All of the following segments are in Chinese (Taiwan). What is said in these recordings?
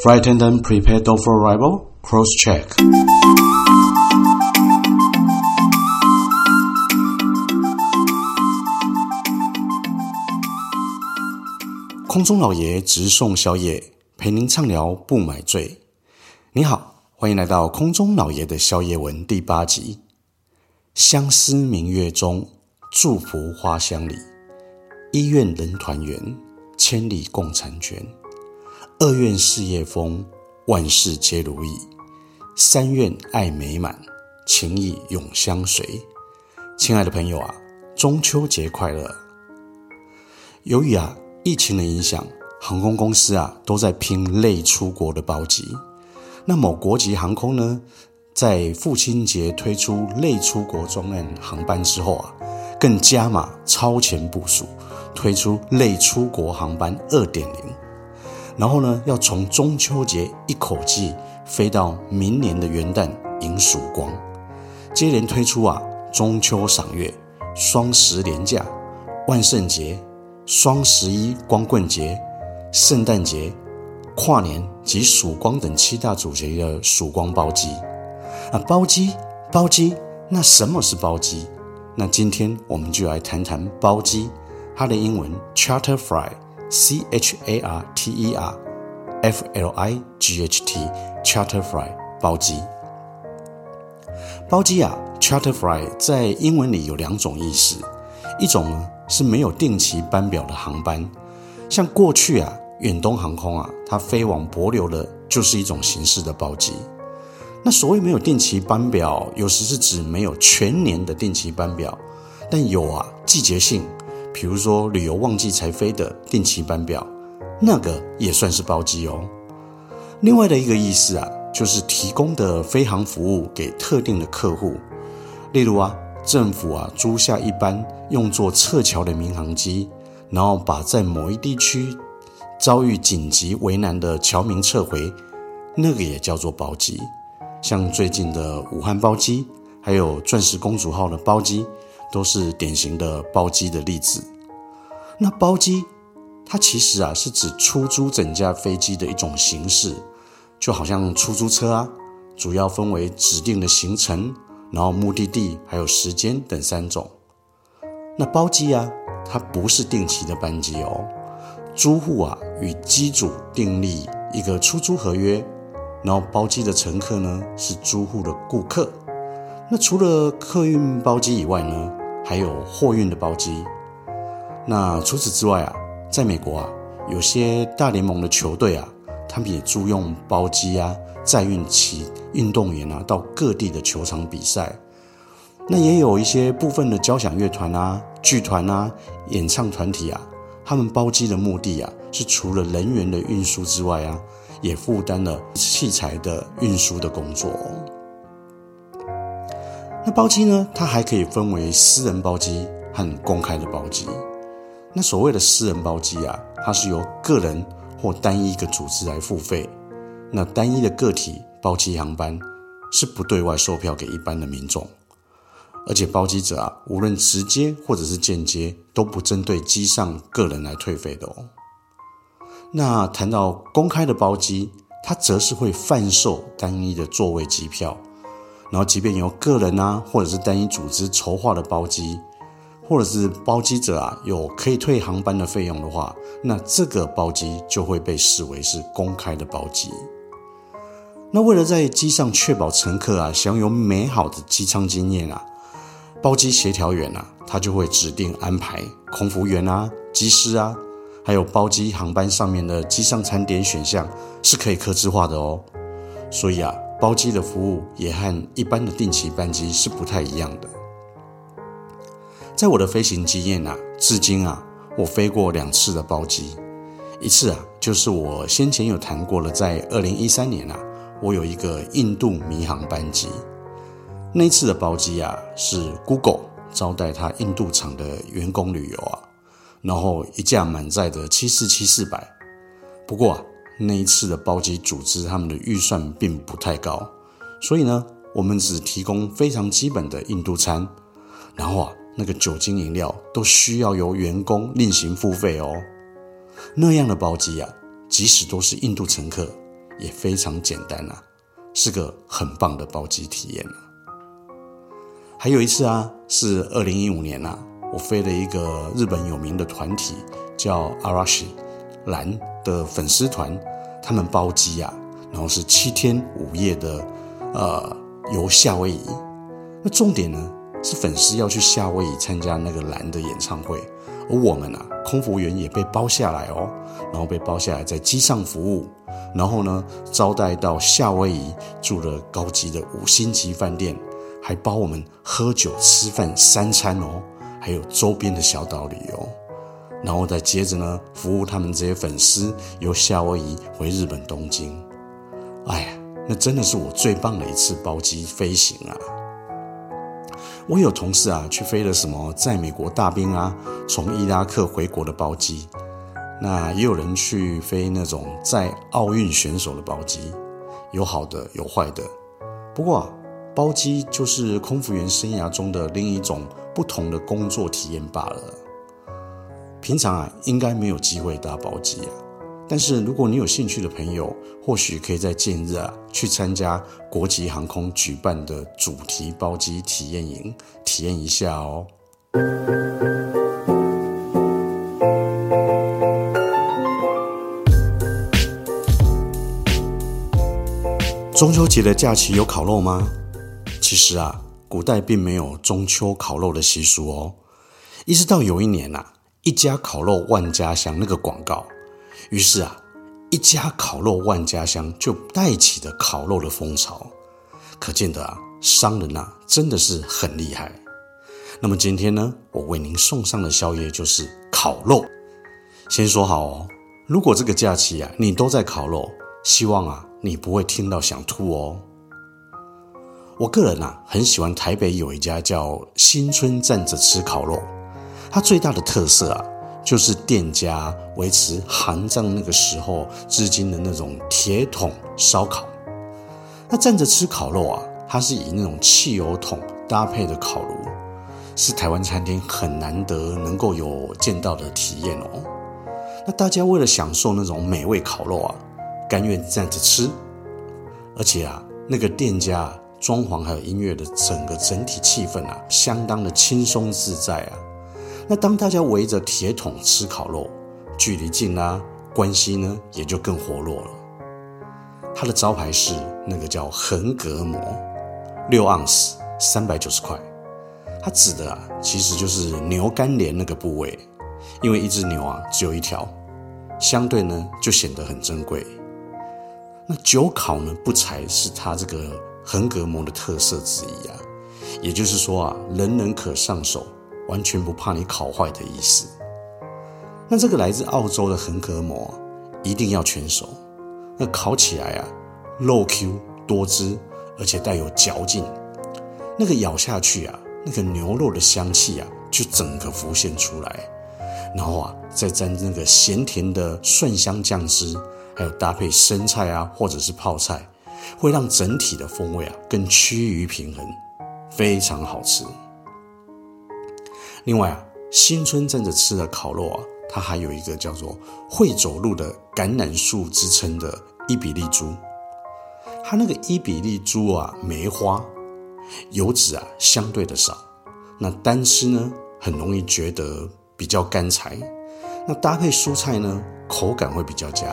Frightened and prepared for arrival. Cross check. 空中老爺直送宵夜，陪您暢聊不買醉。你好，歡迎來到空中老爺的宵夜文第八集。相思明月中，祝福花香裡，醫院人團圓，千里共嬋娟。二願事業豐，萬事皆如意；三願愛美滿，情誼永相隨。親愛的朋友啊，中秋節快樂！由於啊疫情的影響，航空公司啊都在拼類出國的包機。那某國籍航空呢，在父親節推出類出國專案航班之後啊，更加碼超前部署，推出類出國航班二點零。然後呢，要從中秋節一口氣飛到明年的元旦迎曙光，接連推出啊中秋賞月、雙十連假、萬聖節、雙十一光棍節、聖誕節、跨年及曙光等七大主題的曙光包機。啊，包機，包機，那什麼是包機？那今天我們就來談談包機，它的英文 charter flight C H A R T E R F L I G H T Charter fly 包機，包機啊，Charter fly 在英文裡有兩種意思，一種呢是沒有定期班表的航班，像過去啊遠東航空啊，它飛往帛琉的就是一種形式的包機。那所謂沒有定期班表，有時是指沒有全年的定期班表，但有啊季節性。比如說旅遊旺季才飛的定期班表，那個也算是包機哦。另外的一個意思啊，就是提供的飛航服務給特定的客戶，例如啊政府啊租下一班用作撤僑的民航機，然後把在某一地區遭遇緊急危難的僑民撤回，那個也叫做包機。像最近的武漢包機，還有鑽石公主號的包機。都是典型的包機的例子。那包機，它其實啊是指出租整架飛機的一種形式，就好像出租車啊，主要分為指定的行程，然後目的地還有時間等三種。那包機啊，它不是定期的班機哦。租戶啊與機組訂立一個出租合約，然後包機的乘客呢是租戶的顧客。那除了客運包機以外呢，還有貨運的包機。那除此之外啊，在美國啊，有些大聯盟的球隊啊，他們也租用包機啊，載運其運動員啊，到各地的球場比賽。那也有一些部分的交響樂團啊、劇團啊、演唱團體啊，他們包機的目的啊，是除了人員的運輸之外啊，也負擔了器材的運輸的工作。那包機呢？它還可以分為私人包機和公開的包機。那所謂的私人包機啊，它是由個人或單一一個組織來付費。那單一的個體包機航班是不對外售票給一般的民眾，而且包機者啊，無論直接或者是間接，都不針對機上個人來退費的哦。那談到公開的包機，它則是會販售單一的座位機票。然後，即便由個人啊，或者是單一組織籌劃的包機，或者是包機者啊有可以退航班的費用的話，那這個包機就會被視為是公開的包機。那為了在機上確保乘客啊享有美好的機艙經驗啊，包機協調員啊，他就會指定安排空服員啊、機師啊，還有包機航班上面的機上餐點選項是可以客制化的哦。所以啊。包機的服務也和一般的定期班機是不太一樣的。在我的飛行經驗啊，至今啊，我飛過兩次的包機，一次啊，就是我先前有談過了，在二零一三年啊，我有一個印度迷航班機，那一次的包機啊，是 Google 招待他印度廠的員工旅遊啊，然後一架滿載的七四七四百，不過啊。那一次的包機組織，他們的預算並不太高，所以呢，我們只提供非常基本的印度餐，然後啊，那個酒精飲料都需要由員工另行付費哦。那樣的包機啊，即使都是印度乘客，也非常簡單啊，是個很棒的包機體驗啊。還有一次啊，是二零一五年啊，我飛了一個日本有名的團體，叫 Arashi，嵐。的粉絲團，他們包機啊，然後是七天五夜的，呃，遊夏威夷。那重點呢是粉絲要去夏威夷參加那個藍的演唱會，而我們啊，空服員也被包下來哦，然後被包下來在機上服務，然後呢，招待到夏威夷住了高級的五星級飯店，還包我們喝酒吃飯三餐哦，還有周邊的小島旅遊。然後再接着呢，服務他們這些粉絲，由夏威夷回日本東京。哎呀，那真的是我最棒的一次包機飛行啊！我有同事啊，去飛了什麼在美國大兵啊，從伊拉克回國的包機。那也有人去飛那種在奧運選手的包機，有好的有壞的。不過啊，包機就是空服員生涯中的另一種不同的工作體驗罷了。平常啊，應該沒有機會搭包機啊。但是如果你有興趣的朋友，或許可以在近日啊，去參加國際航空舉辦的主題包機體驗營，體驗一下哦。中秋節的假期有烤肉嗎？其實啊，古代並沒有中秋烤肉的習俗哦。一直到有一年吶、啊。一家烤肉萬家香那個廣告，於是啊，一家烤肉萬家香就帶起了烤肉的風潮。可見得啊，商人啊真的是很厲害。那麼今天呢，我為您送上的宵夜就是烤肉。先說好哦，如果這個假期啊你都在烤肉，希望啊你不會聽到想吐哦。我個人啊很喜歡台北有一家叫新村站着吃烤肉。它最大的特色啊，就是店家維持韓戰那個時候至今的那種鐵桶燒烤。那站着吃烤肉啊，它是以那種汽油桶搭配的烤爐，是台灣餐廳很難得能夠有見到的體驗哦。那大家為了享受那種美味烤肉啊，甘願站着吃，而且啊，那個店家裝潢還有音樂的整個整體氣氛啊，相當的輕鬆自在啊。那當大家圍着鐵桶吃烤肉，距離近啊，關係呢也就更活絡了。他的招牌是那個叫橫膈膜，六盎司三百九十塊。它指的啊，其實就是牛肝連那個部位，因為一只牛啊只有一條，相對呢就顯得很珍貴。那久烤呢不柴是它這個橫膈膜的特色之一啊，也就是說啊人人可上手。完全不怕你烤壞的意思。那這個來自澳洲的橫膈膜一定要全熟，那烤起來啊，肉 Q 多汁，而且帶有嚼勁。那個咬下去啊，那個牛肉的香氣啊，就整個浮現出來。然後啊，再沾那個鹹甜的蒜香醬汁，還有搭配生菜啊，或者是泡菜，會讓整體的風味啊更趨於平衡，非常好吃。另外啊，新村正在吃的烤肉啊，它還有一個叫做“會走路的橄欖樹”之稱的伊比利豬。它那個伊比利豬啊，梅花，油脂啊相對的少，那單吃呢很容易覺得比較乾柴。那搭配蔬菜呢，口感會比較佳。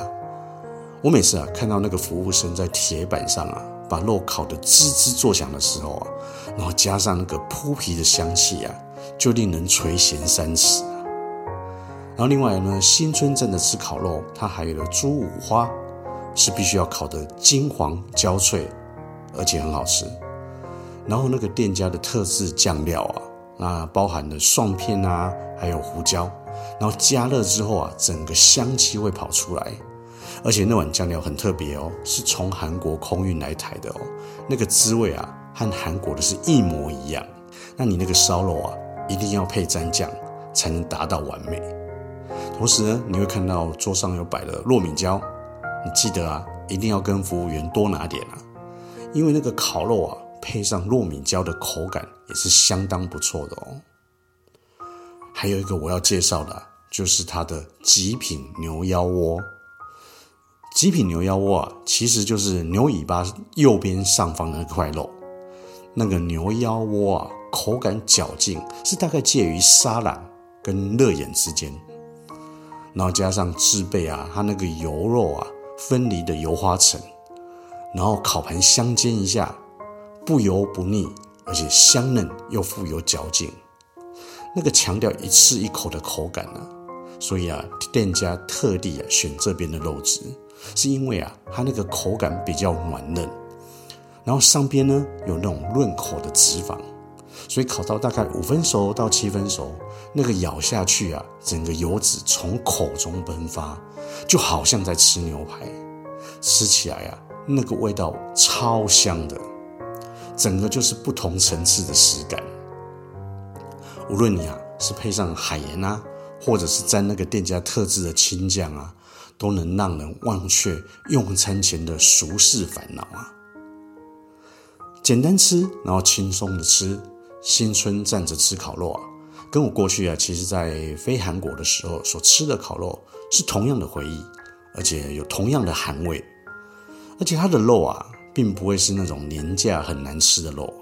我每次啊看到那個服務生在鐵板上啊把肉烤得滋滋作響的時候啊，然後加上那個撲鼻的香氣啊。就令人垂涎三尺啊！然後另外呢，新村真的吃烤肉，它還有的豬五花是必須要烤得金黃焦脆，而且很好吃。然後那個店家的特制醬料啊，那包含了蒜片啊，還有胡椒，然後加熱之後啊，整個香氣會跑出來。而且那碗醬料很特別哦，是從韓國空運來台的哦，那個滋味啊，和韓國的是一模一樣。那你那個燒肉啊。一定要配蘸醬才能達到完美。同時呢，你會看到桌上又擺了糯米椒，你記得啊，一定要跟服務員多拿點啊，因為那個烤肉啊，配上糯米椒的口感也是相當不錯的哦。還有一個我要介紹的啊，就是它的極品牛腰窩。極品牛腰窩啊，其實就是牛尾巴右邊上方的那塊肉，那個牛腰窩啊。口感嚼勁是大概介於沙朗跟肋眼之間，然後加上制備啊，它那個油肉啊分離的油花層，然後烤盤香煎一下，不油不膩，而且香嫩又富有嚼勁。那個強調一次一口的口感呢、啊，所以啊，店家特地啊選這邊的肉質，是因為啊它那個口感比較軟嫩，然後上邊呢有那種潤口的脂肪。所以烤到大概五分熟到七分熟，那個咬下去啊，整個油脂從口中噴發，就好像在吃牛排，吃起來啊，那個味道超香的，整個就是不同層次的食感。無論你啊，是配上海鹽啊，或者是沾那個店家特制的青醬啊，都能讓人忘卻用餐前的俗世煩惱啊。簡單吃，然後輕鬆的吃。新村站着吃烤肉啊，跟我過去啊，其實在飛韓國的時候所吃的烤肉是同樣的回憶，而且有同樣的韓味，而且它的肉啊，並不會是那種廉價很難吃的肉，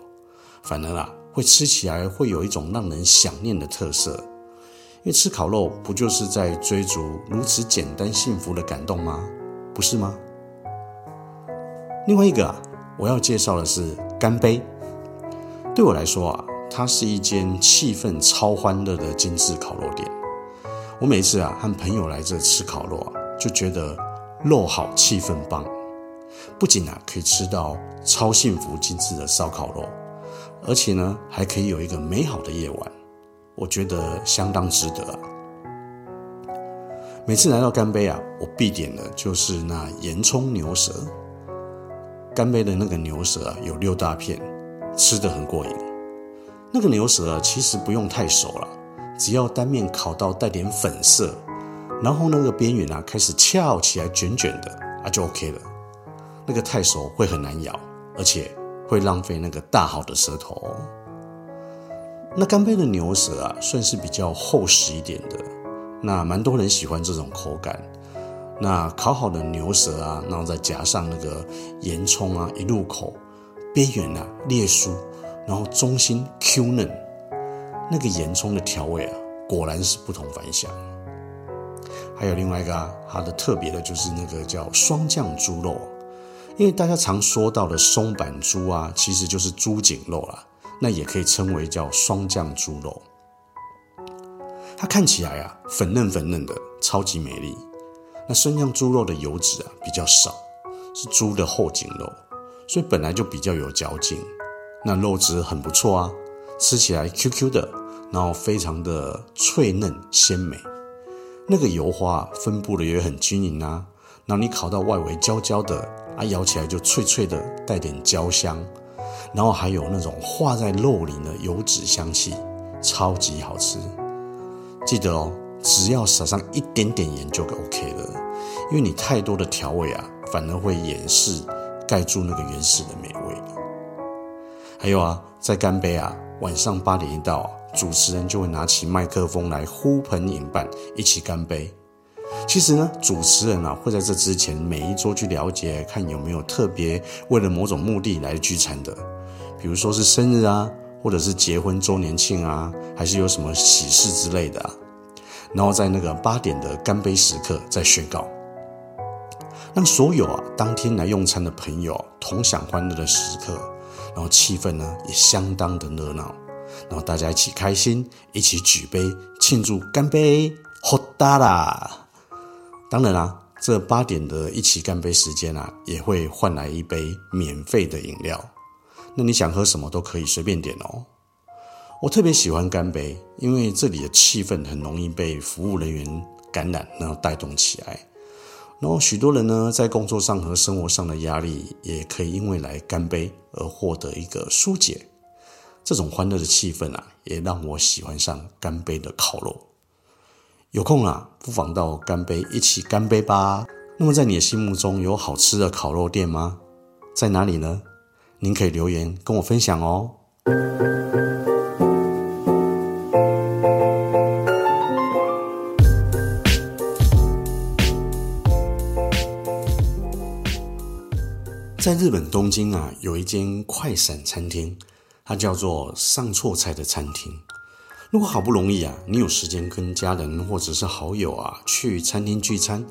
反而啊，會吃起來會有一種讓人想念的特色，因為吃烤肉不就是在追逐如此簡單幸福的感動嗎？不是嗎？另外一個啊，我要介紹的是乾杯，對我來說啊。它是一間氣氛超歡樂的精致烤肉店。我每次啊和朋友來這吃烤肉啊，就覺得肉好，氣氛棒不、啊。不僅啊可以吃到超幸福精致的燒烤肉，而且呢還可以有一個美好的夜晚，我覺得相當值得啊。每次來到乾杯啊，我必點的就是那鹽蔥牛舌。乾杯的那個牛舌啊有六大片，吃的很過癮。那個牛舌啊，其實不用太熟了，只要單面烤到帶點粉色，然後那個邊緣啊開始翹起來卷卷的啊就 OK 了。那個太熟會很難咬，而且會浪費那個大好的舌頭。那乾杯的牛舌啊，算是比較厚實一點的，那蠻多人喜歡這種口感。那烤好的牛舌啊，然後再夾上那個鹽蔥啊，一入口邊緣啊裂酥。然後中心 Q 嫩，那個鹽蔥的調味啊，果然是不同凡響。還有另外一個啊，它的特別的就是那個叫霜降豬肉，因為大家常說到的松板豬啊，其實就是豬頸肉了、啊，那也可以稱為叫霜降豬肉。它看起來啊，粉嫩粉嫩的，超級美麗。那霜降豬肉的油脂啊比較少，是豬的後頸肉，所以本來就比較有嚼勁。那肉質很不錯啊，吃起來 QQ 的，然後非常的脆嫩鮮美。那個油花分布的也很均勻啊，然後你烤到外圍焦焦的啊，咬起來就脆脆的，帶點焦香，然後還有那種化在肉裡的油脂香氣，超級好吃。記得哦，只要撒上一點點鹽就 OK 了，因為你太多的調味啊，反而會掩飾、蓋住那個原始的美味。還有啊，在乾杯啊！晚上八點一到，啊，主持人就會拿起麥克風來呼朋引伴，一起乾杯。其實呢，主持人啊會在這之前每一周去了解，看有沒有特別為了某種目的來聚餐的，比如說是生日啊，或者是結婚周年慶啊，還是有什麼喜事之類的，啊。然後在那個八點的乾杯時刻再宣告，讓所有啊當天來用餐的朋友同享歡樂的時刻。然後氣氛呢也相當的熱鬧，然後大家一起開心，一起舉杯慶祝，乾杯！喝噠啦！當然啦、啊，這八點的一起乾杯時間啊，也會換來一杯免費的飲料，那你想喝什麼都可以隨便點哦。我特別喜歡乾杯，因為這裡的氣氛很容易被服務人員感染，然後帶動起來。然後，許多人呢在工作上和生活上的壓力，也可以因為來乾杯而獲得一個疏解。這種歡樂的氣氛啊，也讓我喜歡上乾杯的烤肉。有空啊，不妨到乾杯一起乾杯吧。那麼，在你的心目中有好吃的烤肉店嗎？在哪裡呢？您可以留言跟我分享哦。嗯在日本東京啊，有一間快閃餐廳，它叫做上錯菜的餐廳。如果好不容易啊，你有時間跟家人或者是好友啊去餐廳聚餐，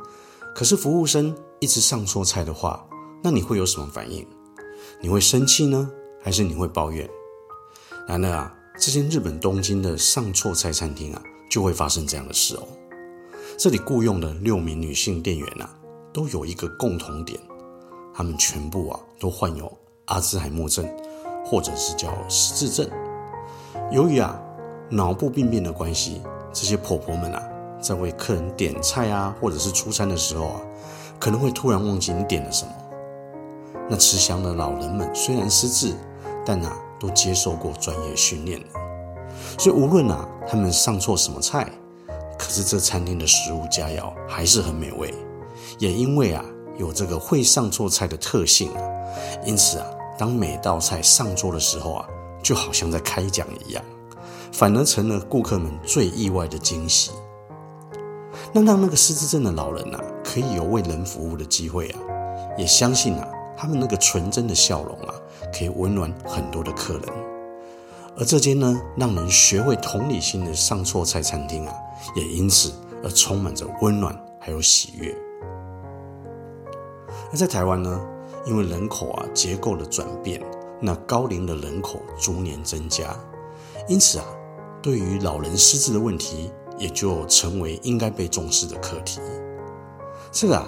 可是服務生一直上錯菜的話，那你會有什麼反應？你會生氣呢？還是你會抱怨？然而啊，這間日本東京的上錯菜餐廳啊，就會發生這樣的事哦。這裡僱傭的六名女性店員啊，都有一個共同點。他們全部啊都患有阿茲海默症，或者是叫失智症。由於啊腦部病變的關係，這些婆婆們啊在為客人點菜啊，或者是出餐的時候啊，可能會突然忘記你點了什麼。那慈祥的老人們雖然失智，但啊都接受過專業訓練了。所以無論啊他們上錯什麼菜，可是這餐廳的食物佳肴還是很美味。也因為啊。有這個會上錯菜的特性啊，因此啊，當每道菜上桌的時候啊，就好像在開講一樣，反而成了顧客們最意外的驚喜。那讓那個失智症的老人啊，可以有為人服務的機會啊，也相信啊，他們那個純真的笑容啊，可以溫暖很多的客人。而這間呢，讓人學會同理心的上錯菜餐廳啊，也因此而充滿着溫暖還有喜悅。那在台灣呢，因為人口啊結構的轉變，那高齡的人口逐年增加，因此啊，對於老人失智的問題，也就成為應該被重視的課題。這個啊，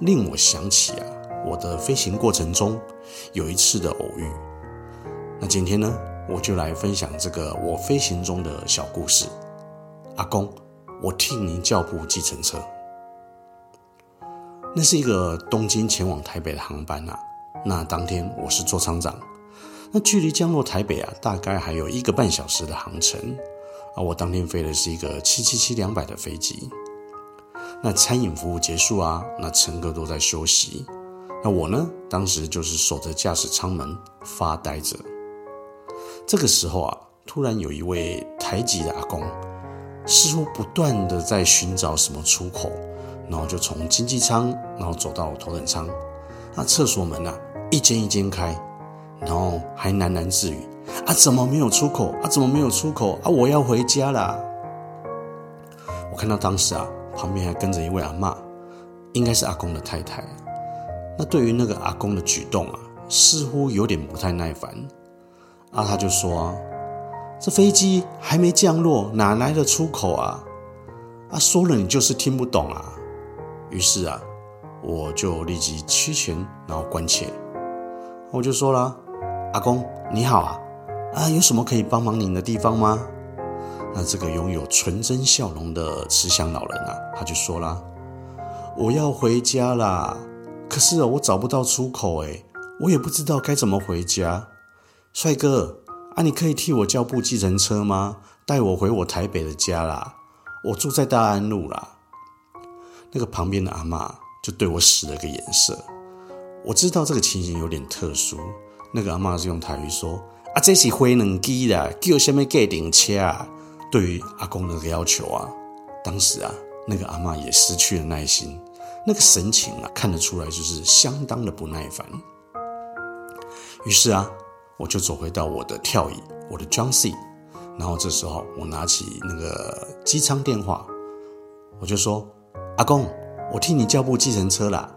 令我想起啊，我的飛行過程中有一次的偶遇。那今天呢，我就來分享這個我飛行中的小故事。阿公，我替您叫部計程車。那是一個東京前往台北的航班啊，那當天我是座艙長，那距離降落台北啊，大概還有一個半小時的航程，而我當天飛的是一個七七七兩百的飛機，那餐飲服務結束啊，那乘客都在休息，那我呢，當時就是守着駕駛艙門發呆着，這個時候啊，突然有一位台籍的阿公，似乎不斷地在尋找什麼出口。然後就從經濟艙，然後走到頭等艙，那廁所門啊，一間一間開，然後還喃喃自語：“啊，怎麼沒有出口？啊，怎麼沒有出口？啊，我要回家啦！”我看到當時啊，旁邊還跟着一位阿嬤，應該是阿公的太太。那對於那個阿公的舉動啊，似乎有點不太耐煩。阿、啊、他就說、啊：“這飛機還沒降落，哪來的出口啊？啊，說了你就是聽不懂啊！”於是啊，我就立即趨前，然後關切，我就說啦：“阿公，你好啊，啊，有什麼可以幫忙您的地方嗎？”那這個擁有純真笑容的慈祥老人啊，他就說啦：「我要回家啦，可是，哦，我找不到出口，哎，我也不知道該怎麼回家。帥哥啊，你可以替我叫部計程車嗎？帶我回我台北的家啦，我住在大安路啦。”那個旁邊的阿媽就對我使了個眼色，我知道這個情形有點特殊。那個阿媽是用台語說：“啊，這是飛能機啦，叫什麼？計程車啊！”對於阿公那個要求啊，當時啊，那個阿媽也失去了耐心，那個神情啊，看得出來就是相當的不耐煩。於是啊，我就走回到我的跳椅，我的 jumpseat 然後這時候我拿起那個機艙電話，我就說。阿公，我替你叫部計程車啦。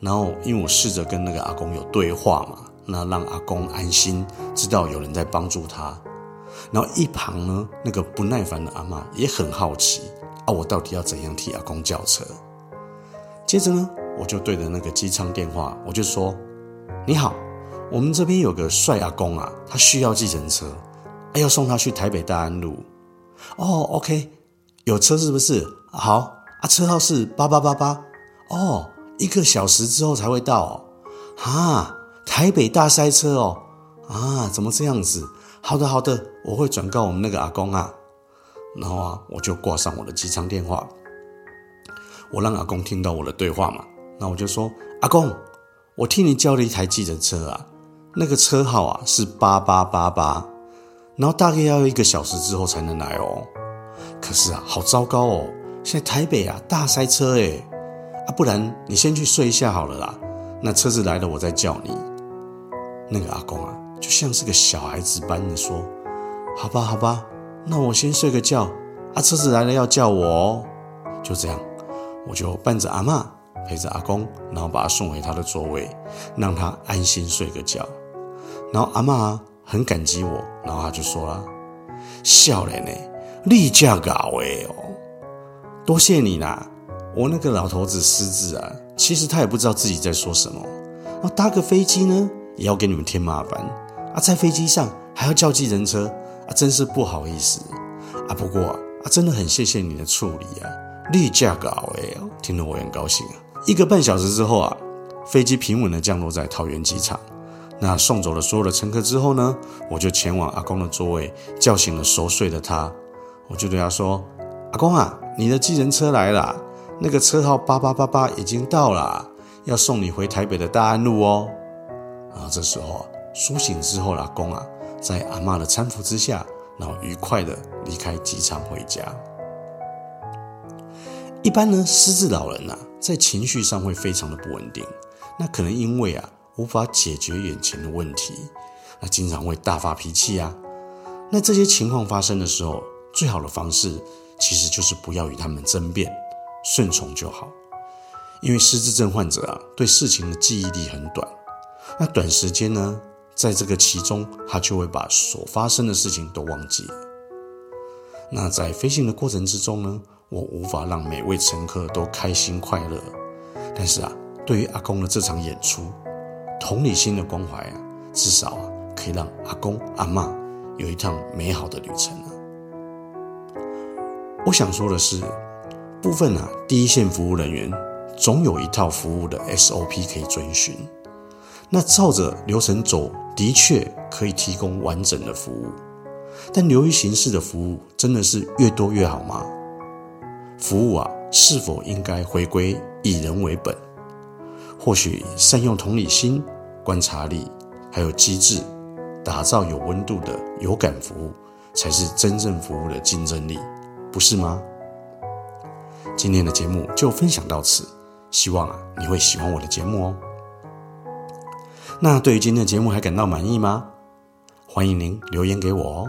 然後，因為我試着跟那個阿公有對話嘛，那讓阿公安心，知道有人在幫助他。然後一旁呢，那個不耐煩的阿嬤也很好奇，啊，我到底要怎樣替阿公叫車？接着呢，我就對着那個機艙電話，我就說：你好，我們這邊有個帥阿公啊，他需要計程車，哎，要送他去台北大安路。哦，OK，有車是不是？好。啊，車號是八八八八哦，一個小時之後才會到哦，啊，台北大塞車哦，啊，怎麼這樣子？好的好的，我會轉告我們那個阿公啊，然後啊，我就掛上我的機艙電話，我讓阿公聽到我的對話嘛，那我就說阿公，我替你叫了一台計程車啊，那個車號啊是八八八八，然後大概要一個小時之後才能來哦，可是啊，好糟糕哦。現在台北啊，大塞車哎，啊，不然你先去睡一下好了啦。那車子來了，我再叫你。那個阿公啊，就像是個小孩子般的說：“好吧，好吧，那我先睡個覺。啊，車子來了要叫我哦。”就這樣，我就伴着阿媽，陪着阿公，然後把他送回他的座位，讓他安心睡個覺。然後阿媽，啊，很感激我，然後他就說了，啊：“笑人呢，立家搞哎哦。”多謝你啦！我那個老頭子失智啊，其實他也不知道自己在說什麼。那、啊、搭個飛機呢，也要給你們添麻煩啊，在飛機上還要叫計程車啊，真是不好意思啊。不過啊，啊，真的很謝謝你的處理啊，綠價 a g u 哦，聽得我很高興啊。一個半小時之後啊，飛機平穩的降落在桃園機場。那送走了所有的乘客之後呢，我就前往阿公的座位，叫醒了熟睡的他，我就對他說。阿公啊，你的計程車來啦，啊、那個車號八八八八已經到啦，啊、要送你回台北的大安路哦。啊，這時候啊，蘇醒之後，阿公啊，在阿媽的攙扶之下，然後愉快地離開機場回家。一般呢，失智老人啊，在情緒上會非常的不穩定，那可能因為啊，無法解決眼前的問題，那經常會大發脾氣啊。那這些情況發生的時候，最好的方式。其實就是不要與他們爭辯，順從就好。因為失智症患者啊，對事情的記憶力很短。那短時間呢，在這個其中，他就會把所發生的事情都忘記。那在飛行的過程之中呢，我無法讓每位乘客都開心快樂。但是啊，對於阿公的這場演出，同理心的關懷啊，至少啊，可以讓阿公阿嬤有一趟美好的旅程。我想說的是，部分啊，第一線服務人員總有一套服務的 SOP 可以遵循。那照着流程走，的確可以提供完整的服務。但流於形式的服務，真的是越多越好嗎？服務啊，是否應該回歸以人為本？或許善用同理心、觀察力，還有機制，打造有溫度的有感服務，才是真正服務的競爭力。不是嗎？今天的節目就分享到此，希望啊你會喜歡我的節目哦。那對於今天的節目還感到滿意嗎？歡迎您留言給我哦。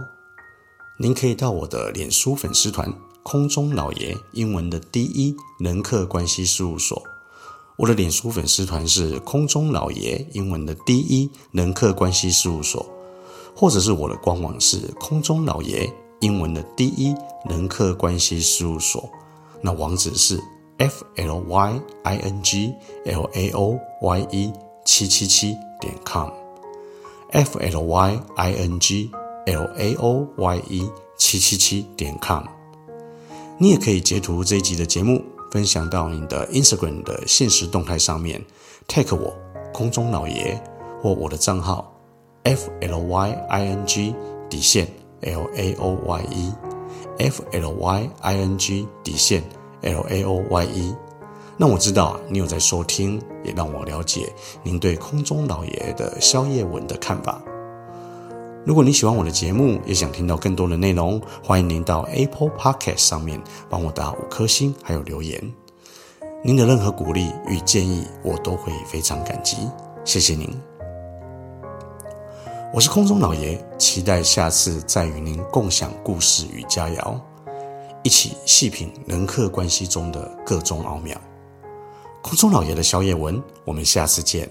您可以到我的臉書粉絲團“空中老爺英文的第一人客關係事務所”，我的臉書粉絲團是“空中老爺英文的第一人客關係事務所”，或者是我的官網是“空中老爺”。英文的 de 人客關係事務所，那網址是 flyinglaoye 七七七點 com，flyinglaoye 七七七點 com。你也可以截圖這一集的節目，分享到你的 Instagram 的限時動態上面，tag 我空中老爺或我的賬號 flying 底線。L A O Y E F L Y I N G 底線 L A O Y E，那我知道你有在收聽，也讓我了解您對空中老爺的宵夜文的看法。如果你喜歡我的節目，也想聽到更多的內容，歡迎您到 Apple Podcast 上面幫我打五顆星，還有留言。您的任何鼓勵與建議，我都會非常感激。謝謝您。我是空中老爺，期待下次再與您共享故事與佳肴，一起細品人客關係中的各種奧妙。空中老爺的宵夜文，我們下次見，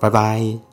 拜拜。